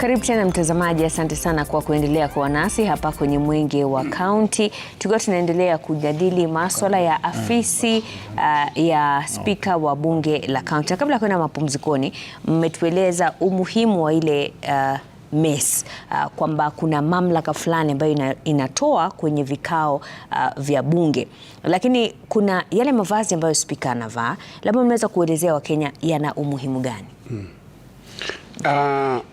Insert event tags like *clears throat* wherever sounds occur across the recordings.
Karibu tena mtazamaji, asante sana kwa kuendelea kuwa nasi hapa kwenye Mwenge wa Kaunti, tukiwa tunaendelea kujadili maswala ya afisi uh, ya spika wa bunge la kaunti. Na kabla ya kuenda mapumzikoni, mmetueleza umuhimu wa ile uh, MES uh, kwamba kuna mamlaka fulani ambayo ina, inatoa kwenye vikao uh, vya bunge, lakini kuna yale mavazi ambayo spika anavaa, labda mnaweza kuelezea Wakenya yana umuhimu gani? hmm. Uh,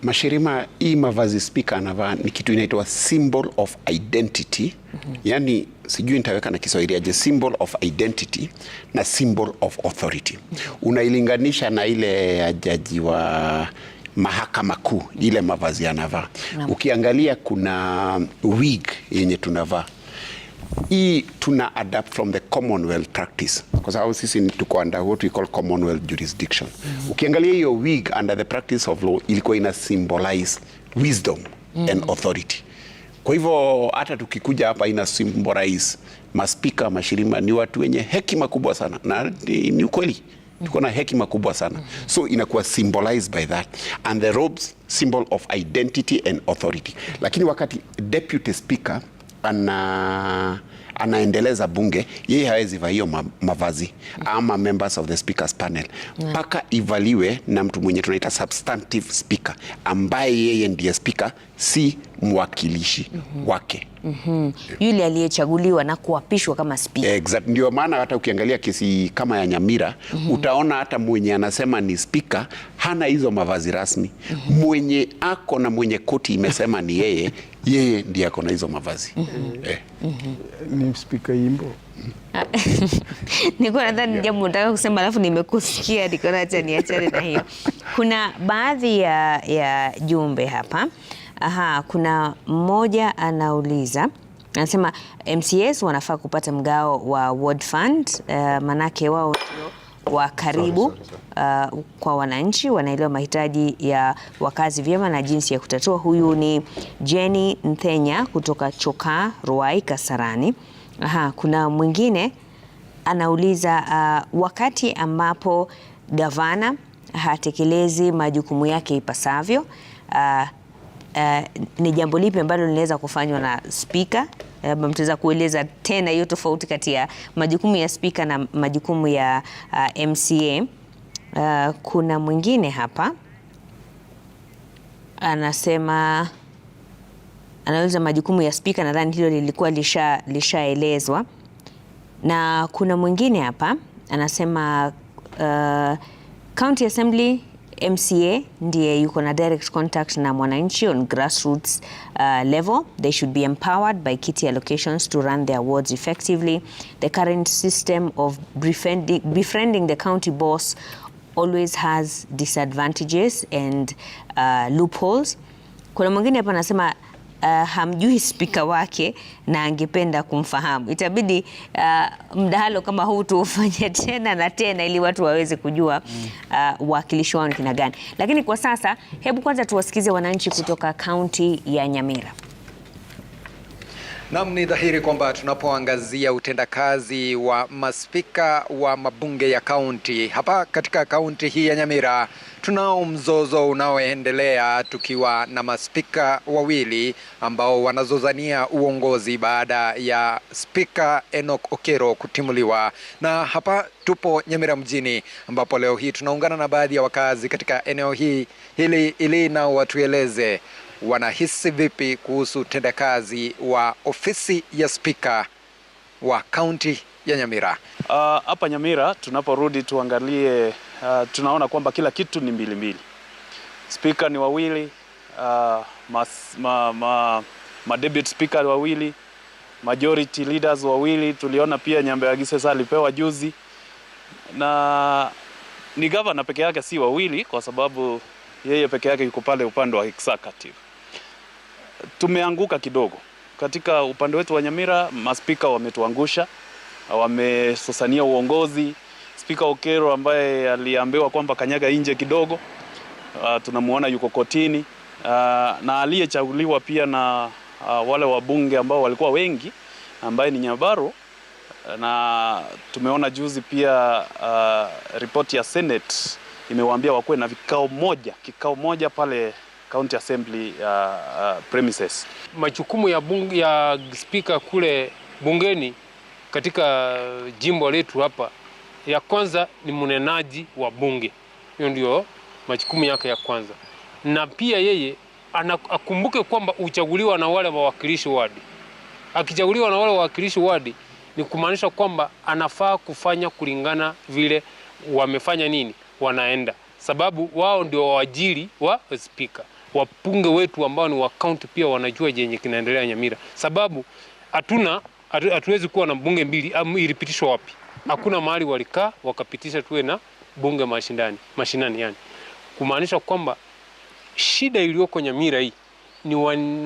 Mashirima, hii mavazi spika anavaa ni kitu inaitwa symbol of identity mm -hmm. Yani sijui nitaweka na Kiswahili aje, symbol of identity na symbol of authority mm -hmm. Unailinganisha na ile ya jaji wa mahakama kuu, ile mavazi anavaa mm -hmm. Ukiangalia kuna wig yenye tunavaa hii tuna adapt from the commonwealth practice kwa sababu sisi tuko under what we call commonwealth jurisdiction. Mm. Ukiangalia hiyo wig under the practice of law ilikuwa ina symbolize wisdom mm. and authority. Kwa hivyo hata tukikuja hapa ina symbolize maspika, mashirima ni watu wenye hekima kubwa sana, na ni ukweli tuko na hekima kubwa sana, mm. so inakuwa symbolized by that and the robes symbol of identity and authority, mm. lakini wakati deputy speaker ana anaendeleza bunge, yeye hawezi vaa hiyo mavazi ama members of the speakers panel mpaka ivaliwe na mtu mwenye tunaita substantive speaker ambaye yeye ndiye speaker, si mwakilishi mm -hmm. wake mm -hmm. yule aliyechaguliwa na kuapishwa kama spika exact. Ndio maana hata ukiangalia kesi kama ya Nyamira mm -hmm. utaona hata mwenye anasema ni spika hana hizo mavazi rasmi mm -hmm. mwenye ako na mwenye koti imesema ni yeye yeye ndiye ako na hizo mavazi mm -hmm. eh. mm -hmm. ni spika yimbo *laughs* nilikuwa nadhani yeah. jambo nataka kusema alafu nimekusikia nikaona acha niachane na hiyo. *laughs* Kuna baadhi ya, ya jumbe hapa Aha, kuna mmoja anauliza anasema mcs wanafaa kupata mgao wa World fund, uh, manake wao ndio wa karibu uh, kwa wananchi, wanaelewa mahitaji ya wakazi vyema na jinsi ya kutatua. Huyu ni Jenny Nthenya kutoka choka Ruai Kasarani. Aha, kuna mwingine anauliza uh, wakati ambapo gavana hatekelezi majukumu yake ipasavyo uh, uh, ni jambo lipi ambalo linaweza kufanywa na spika? Eh, labda mtaweza kueleza tena hiyo tofauti kati ya majukumu ya spika na majukumu ya uh, eh, MCA. Uh, kuna mwingine hapa anasema anauliza majukumu ya spika, nadhani hilo lilikuwa lishaelezwa Na kuna mwingine hapa anasema uh, County Assembly MCA ndiye yuko na direct contact na mwananchi on grassroots uh, level. They should be empowered by kitty allocations to run their wards effectively. The current system of befriending, befriending the county boss always has disadvantages and uh, loopholes. Kuna mwingine hapa anasema uh, hamjui spika wake na angependa kumfahamu. Itabidi uh, mdahalo kama huu tuufanye *laughs* tena na tena ili watu waweze kujua uh, uwakilishi uh, wao ni kina gani. Lakini kwa sasa, hebu kwanza tuwasikize wananchi kutoka kaunti ya Nyamira. Naam, ni dhahiri kwamba tunapoangazia utendakazi wa maspika wa mabunge ya kaunti hapa katika kaunti hii ya Nyamira, tunao mzozo unaoendelea tukiwa na maspika wawili ambao wanazozania uongozi baada ya spika Enoch Okero kutimuliwa. Na hapa tupo Nyamira mjini ambapo leo hii tunaungana na baadhi ya wakazi katika eneo hii hili ili nao watueleze wanahisi vipi kuhusu utendakazi wa ofisi ya spika wa kaunti ya Nyamira. Ah, hapa uh, Nyamira tunaporudi tuangalie, uh, tunaona kwamba kila kitu ni mbili mbili. Spika ni wawili, uh, mas, ma, ma, ma debate speaker wawili, majority leaders wawili. Tuliona pia Nyambe Agisa alipewa juzi, na ni gavana peke yake si wawili, kwa sababu yeye peke yake yuko pale upande wa executive tumeanguka kidogo katika upande wetu wa Nyamira. Maspika wametuangusha, wamesosania uongozi. Spika Okero ambaye aliambiwa kwamba kanyaga nje kidogo, uh, tunamuona yuko kotini uh, na aliyechaguliwa pia na uh, wale wabunge ambao walikuwa wengi ambaye ni Nyabaro na tumeona juzi pia uh, ripoti ya Senate imewaambia wakuwe na vikao moja kikao moja pale county assembly uh, uh, premises. Majukumu ya, ya spika kule bungeni katika jimbo letu hapa, ya kwanza ni mnenaji wa bunge, hiyo ndio majukumu yake ya kwanza, na pia yeye akumbuke kwamba uchaguliwa na wale wawakilishi wadi. Akichaguliwa na wale wawakilishi wadi ni kumaanisha kwamba anafaa kufanya kulingana vile wamefanya nini, wanaenda sababu wao ndio waajiri wa spika wapunge wetu ambao ni wa kaunti pia wanajua jenye kinaendelea Nyamira, sababu hatuna hatuwezi kuwa na bunge mbili. Ilipitishwa wapi? Hakuna mahali walikaa wakapitisha tuwe na bunge mashindani, mashinani yani, kumaanisha kwamba shida iliyoko Nyamira hii ni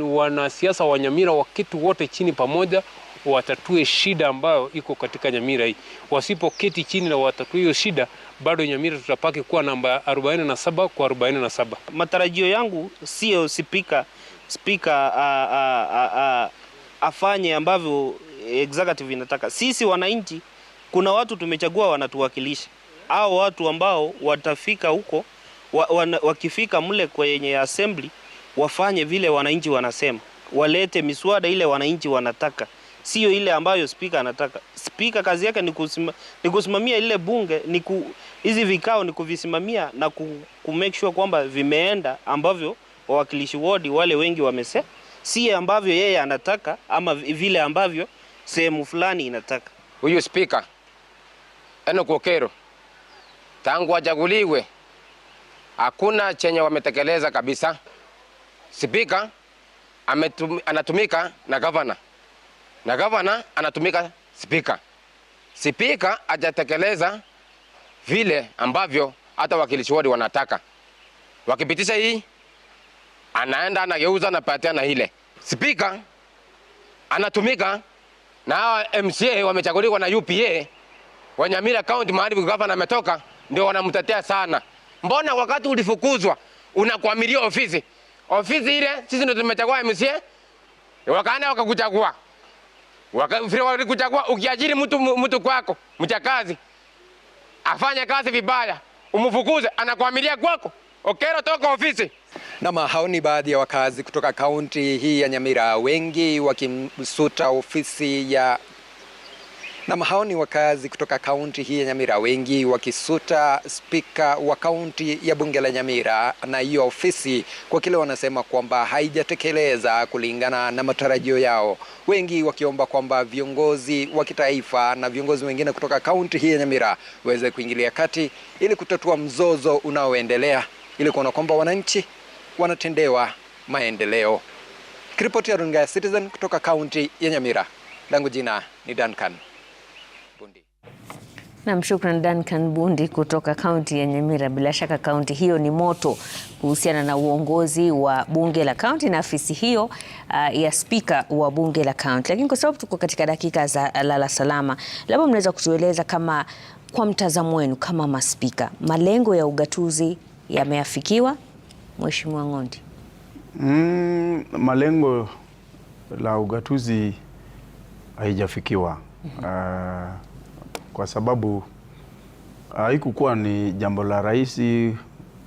wanasiasa wa Nyamira waketu wote chini pamoja watatue shida ambayo iko katika Nyamira hii. Wasipoketi chini na watatue hiyo shida, bado Nyamira tutapaki kuwa namba 47 kwa 47. Matarajio yangu sio spika spika a, a, a, a, afanye ambavyo executive inataka. Sisi wananchi, kuna watu tumechagua wanatuwakilisha, au watu ambao watafika huko wa, wa, wakifika mle kwenye assembly wafanye vile wananchi wanasema, walete miswada ile wananchi wanataka siyo ile ambayo spika anataka. Spika kazi yake ni, kusima, ni kusimamia ile bunge ni ku, hizi vikao ni kuvisimamia na ku, ku make sure kwamba vimeenda ambavyo wawakilishi wodi wale wengi wamese si ambavyo yeye anataka ama vile ambavyo sehemu fulani inataka. Huyu spika Enock Okero tangu achaguliwe hakuna chenye wametekeleza kabisa. Spika anatumika na gavana na gavana anatumika spika. Spika ajatekeleza vile ambavyo hata wakilishi wodi wanataka. Wakipitisha hii, anaenda anageuza, anapatia na ile. Spika anatumika na hawa MCA wamechaguliwa na UPA wanyamira Nyamira County, mahali gavana ametoka, ndio wanamtetea sana. Mbona wakati ulifukuzwa unakuamilia ofisi? Ofisi ile sisi ndio tumechagua MCA, wakaenda wakakuchagua Wakafiri ukiajiri mtu mtu kwako mchakazi afanye kazi vibaya umfukuze anakuamilia kwako. Okero, toka ofisi. Nama hao ni baadhi ya wakazi kutoka kaunti hii ya Nyamira, wengi wakimsuta ofisi ya na hao ni wakazi kutoka kaunti hii ya Nyamira, wengi wakisuta spika wa kaunti ya bunge la Nyamira na hiyo ofisi kwa kile wanasema kwamba haijatekeleza kulingana na matarajio yao, wengi wakiomba kwamba viongozi wa kitaifa na viongozi wengine kutoka kaunti hii ya Nyamira waweze kuingilia kati ili kutatua mzozo unaoendelea ili kuona kwamba wananchi wanatendewa maendeleo. Kiripoti ya runinga ya Citizen kutoka kaunti ya Nyamira, langu jina ni Duncan. Bundi. Nam, shukran Duncan Bundi kutoka kaunti ya Nyamira. Bila shaka kaunti hiyo ni moto kuhusiana na uongozi wa bunge la kaunti na afisi hiyo uh, ya spika wa bunge la kaunti. Lakini kwa sababu tuko katika dakika za lala salama, labda mnaweza kutueleza kama kwa mtazamo wenu kama maspika, malengo ya ugatuzi yameafikiwa, Mheshimiwa Ng'ondi? Mm, malengo la ugatuzi haijafikiwa. mm -hmm. uh, kwa sababu ah, haikukuwa ni jambo la rahisi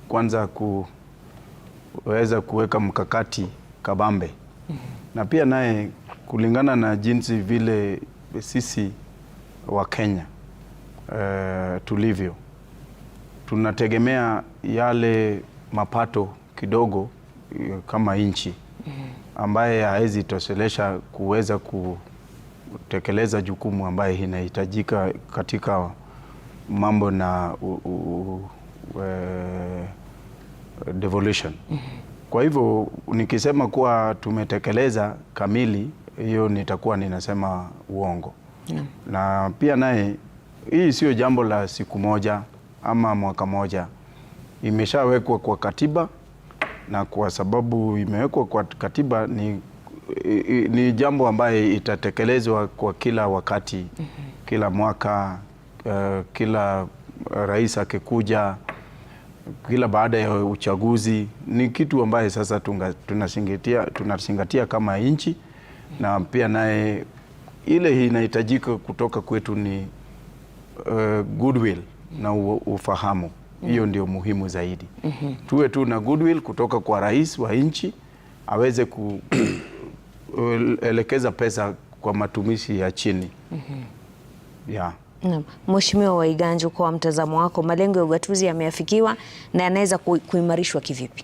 kwanza kuweza kuweka mkakati kabambe na pia naye kulingana na jinsi vile sisi wa Kenya uh, tulivyo tunategemea yale mapato kidogo eh, kama nchi ambaye hawezi toshelesha kuweza ku kutekeleza jukumu ambayo inahitajika katika mambo na u, u, u, e, devolution. Mm-hmm. Kwa hivyo nikisema kuwa tumetekeleza kamili, hiyo nitakuwa ninasema uongo. Mm. Na pia naye hii sio jambo la siku moja ama mwaka moja, imeshawekwa kwa katiba, na kwa sababu imewekwa kwa katiba ni ni jambo ambaye itatekelezwa kwa kila wakati mm -hmm. Kila mwaka uh, kila rais akikuja, kila baada ya uchaguzi, ni kitu ambaye sasa tunasingatia tunasingatia kama nchi Na pia naye ile inahitajika kutoka kwetu ni uh, goodwill na ufahamu hiyo mm Ndio muhimu zaidi mm -hmm. Tuwe tu na goodwill kutoka kwa rais wa nchi aweze ku Uh, elekeza pesa kwa matumishi ya chini mm -hmm. yeah. Naam. Mheshimiwa Waiganjo, kwa mtazamo wako malengo ya ugatuzi yameafikiwa na yanaweza kuimarishwa kivipi?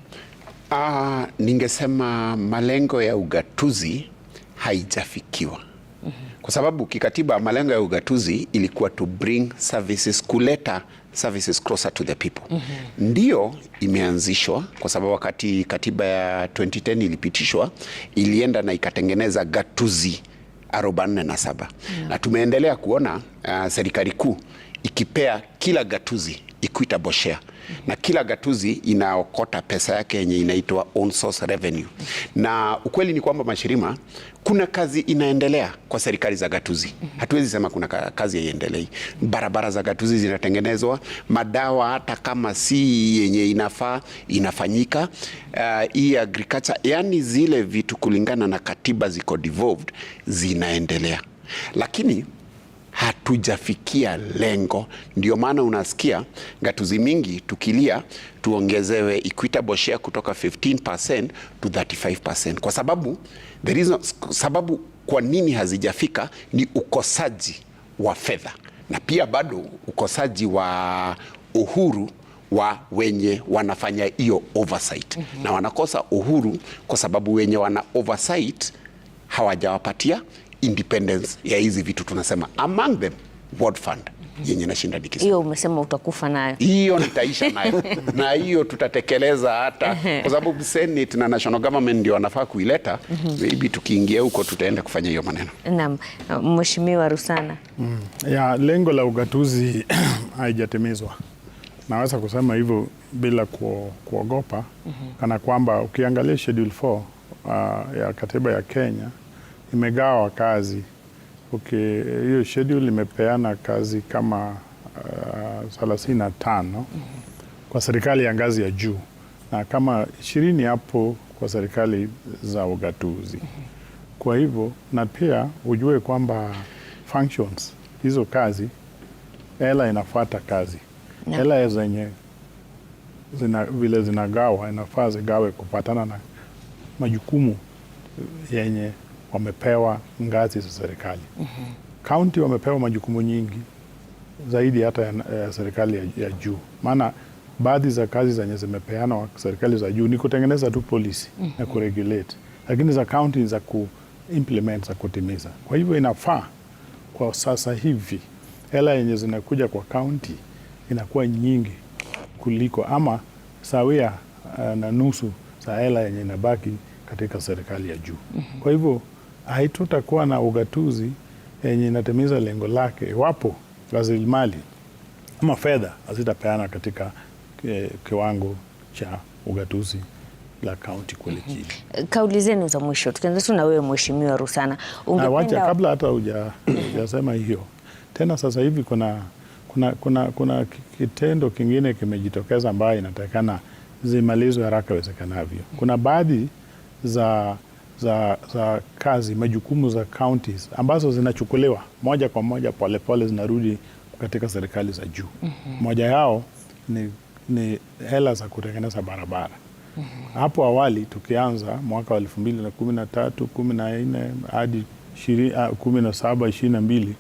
Ah, ningesema malengo ya ugatuzi haijafikiwa mm -hmm. Kwa sababu kikatiba malengo ya ugatuzi ilikuwa to bring services kuleta services closer to the people. Mm -hmm. Ndio imeanzishwa kwa sababu wakati katiba ya 2010 ilipitishwa ilienda na ikatengeneza gatuzi 47 yeah. Na tumeendelea kuona uh, serikali kuu ikipea kila gatuzi equitable share na kila gatuzi inaokota pesa yake yenye inaitwa own source revenue. Na ukweli ni kwamba mashirima, kuna kazi inaendelea kwa serikali za gatuzi. Hatuwezi sema kuna kazi haiendelei. Barabara za gatuzi zinatengenezwa, madawa hata kama si yenye inafaa inafanyika. Uh, hii agriculture, yani zile vitu kulingana na katiba ziko devolved zinaendelea, lakini hatujafikia lengo. Ndio maana unasikia ngatuzi mingi tukilia tuongezewe equitable share kutoka 15% to 35%, kwa sababu there is no, sababu kwa nini hazijafika ni ukosaji wa fedha na pia bado ukosaji wa uhuru wa wenye wanafanya hiyo oversight mm -hmm. Na wanakosa uhuru kwa sababu wenye wana oversight hawajawapatia independence ya hizi vitu tunasema among them World Fund yenye nashinda dikisa. Hiyo umesema utakufa nayo. Hiyo nitaisha nayo. *laughs* na hiyo tutatekeleza hata kwa sababu Senate na National Government ndio wanafaa kuileta. Mhm. Maybe tukiingia huko tutaenda kufanya hiyo maneno. Naam, Mheshimiwa Rusana. Mm. Ya lengo la ugatuzi *clears throat* haijatimizwa. Naweza kusema hivyo bila kuogopa mhm. Kana kwamba ukiangalia Schedule 4 uh, ya katiba ya Kenya imegawa kazi hiyo. Okay, schedule imepeana kazi kama uh, thelathini na tano kwa serikali ya ngazi ya juu na kama ishirini hapo kwa serikali za ugatuzi. Kwa hivyo na pia ujue kwamba functions hizo kazi hela inafuata kazi hela zenye zina, vile zinagawa inafaa zigawe kupatana na majukumu yenye wamepewa ngazi za serikali. Mhm. Kaunti mm -hmm. wamepewa majukumu nyingi zaidi hata ya, ya serikali ya, ya juu, maana baadhi za kazi zenye zimepeanwa serikali za juu ni kutengeneza tu polisi mm -hmm. na kuregulate, lakini za kaunti za za implement za kutimiza. Kwa hivyo inafaa kwa sasa hivi hela yenye zinakuja kwa kaunti inakuwa nyingi kuliko ama sawia uh, na nusu za hela yenye inabaki katika serikali ya juu. Mhm. Kwa hivyo haitutakuwa na ugatuzi yenye inatimiza lengo lake iwapo rasilimali ama fedha hazitapeana katika eh, kiwango cha ugatuzi la kaunti kweli chini. Mm -hmm. Kauli zenu za mwisho tukianza tu na wewe Mheshimiwa Rusana, ah, ungependa kabla hata hujasema hiyo tena, sasa hivi kuna, kuna, kuna, kuna kitendo kingine kimejitokeza ambayo inatakikana zimalizwe haraka iwezekanavyo. Kuna baadhi za za, za kazi, majukumu za counties ambazo zinachukuliwa moja kwa moja polepole zinarudi katika serikali za juu. mm -hmm. Moja yao ni, ni hela za kutengeneza barabara. mm -hmm. Hapo awali tukianza mwaka wa elfu mbili na kumi na tatu kumi na nne hadi ah, kumi na saba ishirini na mbili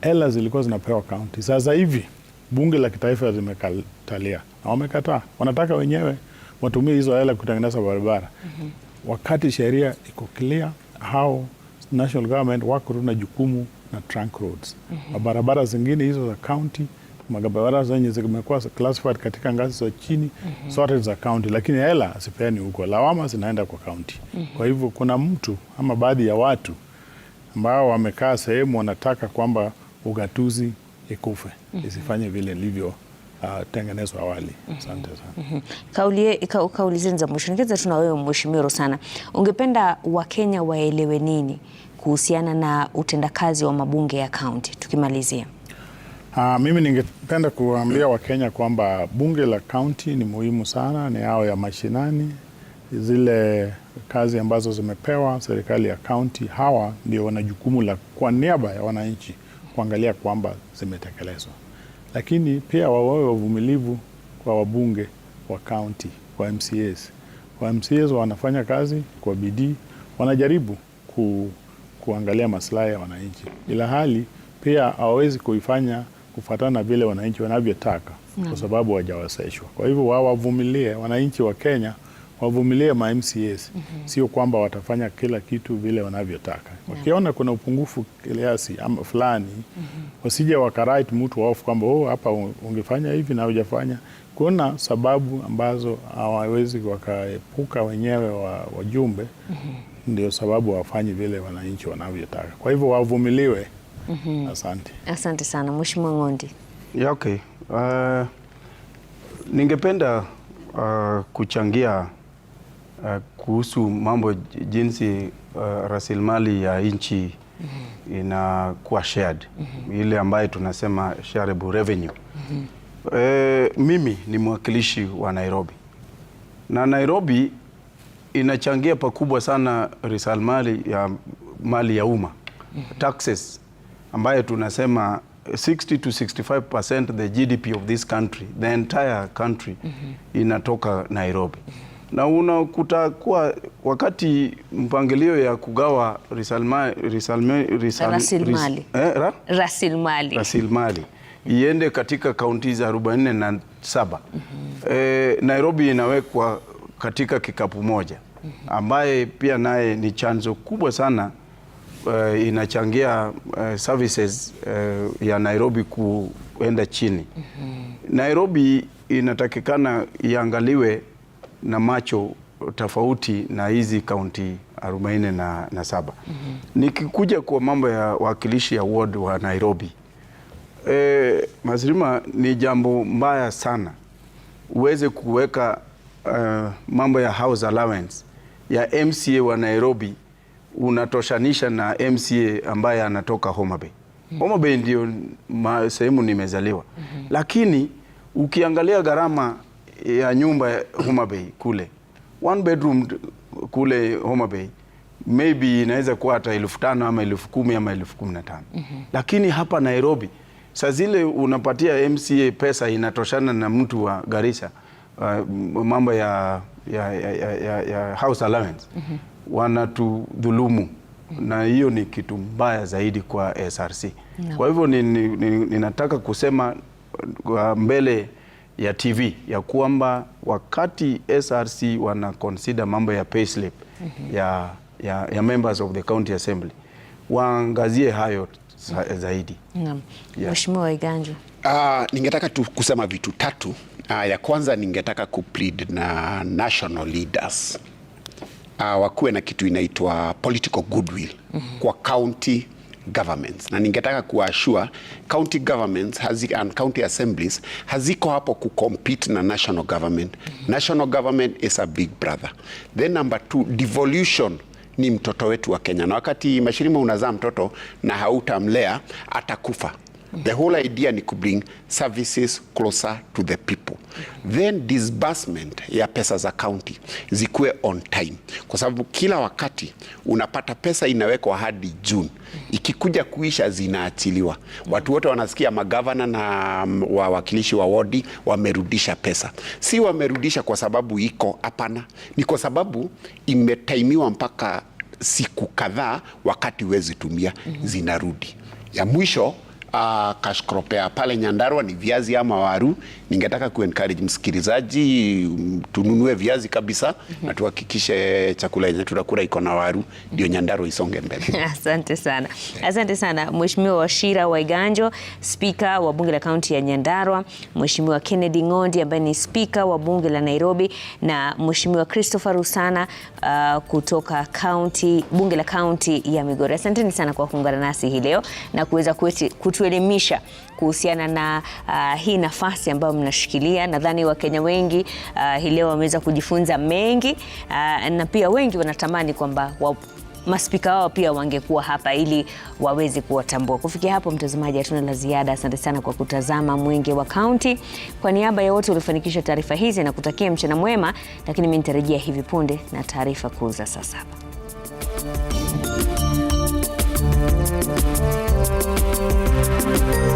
hela zilikuwa zinapewa kaunti. Sasa hivi bunge la kitaifa zimekatalia na wamekataa, wanataka wenyewe watumie hizo hela kutengeneza barabara. mm -hmm wakati sheria iko clear, how national government wako na jukumu na trunk roads mm -hmm. barabara zingine hizo za county magabara zenye zimekuwa classified katika ngazi za chini mm -hmm. zote za county, lakini hela sipeani huko, lawama zinaenda kwa county mm -hmm. kwa hivyo kuna mtu ama baadhi ya watu ambao wamekaa sehemu wanataka kwamba ugatuzi ikufe mm -hmm. isifanye vile ilivyo tengenezwa awali. Asante sana. mm -hmm. Kauli, ka, kauli zenu za mwisho nikianza tuna wewe Mheshimiwa Rosana, ungependa Wakenya waelewe nini kuhusiana na utendakazi wa mabunge ya kaunti tukimalizia? Uh, mimi ningependa kuambia Wakenya kwamba bunge la kaunti ni muhimu sana, ni yao ya mashinani, zile kazi ambazo zimepewa serikali ya kaunti, hawa ndio wana jukumu la kwa niaba ya wananchi kuangalia kwamba zimetekelezwa lakini pia wawawe wavumilivu kwa wabunge wa kaunti, kwa MCAs. Kwa MCAs wanafanya kazi kwa bidii, wanajaribu ku, kuangalia maslahi ya wananchi, ila hali pia hawawezi kuifanya kufuatana na vile wananchi wanavyotaka, kwa sababu hawajawezeshwa. Kwa hivyo wawavumilie wananchi wa Kenya wavumilie ma MCAs. mm -hmm. Sio kwamba watafanya kila kitu vile wanavyotaka wakiona kuna upungufu kiasi ama fulani mm -hmm. wasije wakarite mtu off kwamba oh, hapa ungefanya hivi na hujafanya. Kuna sababu ambazo hawawezi wakaepuka wenyewe wa, wajumbe mm -hmm. ndio sababu wafanyi vile wananchi wanavyotaka, kwa hivyo wavumiliwe. mm -hmm. Asante, asante sana Mheshimiwa Ng'ondi. Yeah, okay. Uh, ningependa uh, kuchangia uh, kuhusu mambo jinsi uh, rasilimali ya nchi mm -hmm. inakuwa shared mm -hmm. ile ambayo tunasema shareable revenue mm -hmm. e, mimi ni mwakilishi wa Nairobi na Nairobi inachangia pakubwa sana rasilimali ya mali ya umma mm -hmm. taxes ambayo tunasema 60 to 65% the GDP of this country the entire country mm -hmm. inatoka Nairobi mm -hmm na unakuta kuwa wakati mpangilio ya kugawa rasilimali eh, iende katika kaunti za 47 mhm. E, eh, Nairobi inawekwa katika kikapu moja mhm. ambaye pia naye ni chanzo kubwa sana e, inachangia e, services e, ya Nairobi kuenda chini. Mhm. Nairobi inatakikana iangaliwe na macho tofauti na hizi kaunti 47 mm -hmm. Nikikuja kwa mambo ya wakilishi ya ward wa Nairobi e, Mazirima, ni jambo mbaya sana uweze kuweka uh, mambo ya house allowance ya MCA wa Nairobi unatoshanisha na MCA ambaye anatoka Homa Bay. Mm -hmm. Homa Bay ndio sehemu nimezaliwa. mm -hmm. Lakini ukiangalia gharama ya nyumba Homa Bay kule one bedroom kule Homa Bay maybe inaweza kuwa hata elfu tano ama elfu kumi ama elfu kumi na tano mm -hmm. Lakini hapa Nairobi saa zile unapatia MCA pesa inatoshana na mtu wa Garissa uh, mambo ya, ya, ya, ya, ya house allowance mm -hmm. Wanatudhulumu mhm. Na hiyo ni kitu mbaya zaidi kwa SRC no. Kwa hivyo ninataka ni, ni, ni kusema uh, mbele ya TV ya kwamba wakati SRC wana consider mambo ya payslip mm -hmm. ya, ya, ya members of the county assembly waangazie hayo zaidi. Naam. Yeah. Mheshimiwa Iganjo. Uh, ah, ningetaka tu kusema vitu tatu. Uh, ya kwanza ningetaka kuplead na national leaders uh, wakuwe na kitu inaitwa political goodwill mm -hmm. kwa county governments, na ningetaka kuashua county governments hazi, and county assemblies haziko hapo compete na national government. National government is a big brother. Then number two, devolution ni mtoto wetu wa Kenya, na wakati mashirima unazaa mtoto na hautamlea atakufa. The whole idea ni kubring services closer to the people. Then disbursement ya pesa za county zikuwe on time, kwa sababu kila wakati unapata pesa inawekwa hadi June, ikikuja kuisha zinaachiliwa. Watu wote wanasikia magavana na mm, wawakilishi wa wodi wamerudisha pesa. Si wamerudisha kwa sababu iko, hapana, ni kwa sababu imetaimiwa mpaka siku kadhaa, wakati huwezi tumia, zinarudi. Ya mwisho uh, kashkropea pale Nyandarua ni viazi ama waru. Ningetaka ku encourage msikilizaji tununue viazi kabisa mm -hmm. na tuhakikishe chakula yenye tunakula iko na waru ndio Nyandarua isonge mbele. *laughs* Asante sana, asante sana Mheshimiwa Wachira Waiganjo, spika wa bunge la kaunti ya Nyandarua, Mheshimiwa Kennedy Ngondi ambaye ni spika wa bunge la Nairobi na Mheshimiwa Christopher Rusana uh, kutoka kaunti bunge la kaunti ya Migori. Asanteni sana kwa kuungana nasi hii leo na kuweza kutuelimisha kuhusiana na uh, hii nafasi ambayo mnashikilia. Nadhani Wakenya wengi uh, hii leo wameweza kujifunza mengi uh, na pia wengi wanatamani kwamba wa maspika wao pia wangekuwa hapa ili waweze kuwatambua. Kufikia hapo, mtazamaji, hatuna la ziada. Asante sana kwa kutazama Mwenge wa Kaunti. Kwa niaba ya wote waliofanikisha taarifa hizi na kutakia mchana mwema, lakini mimi nitarejea hivi punde na taarifa kuu za saa saba. Thank you.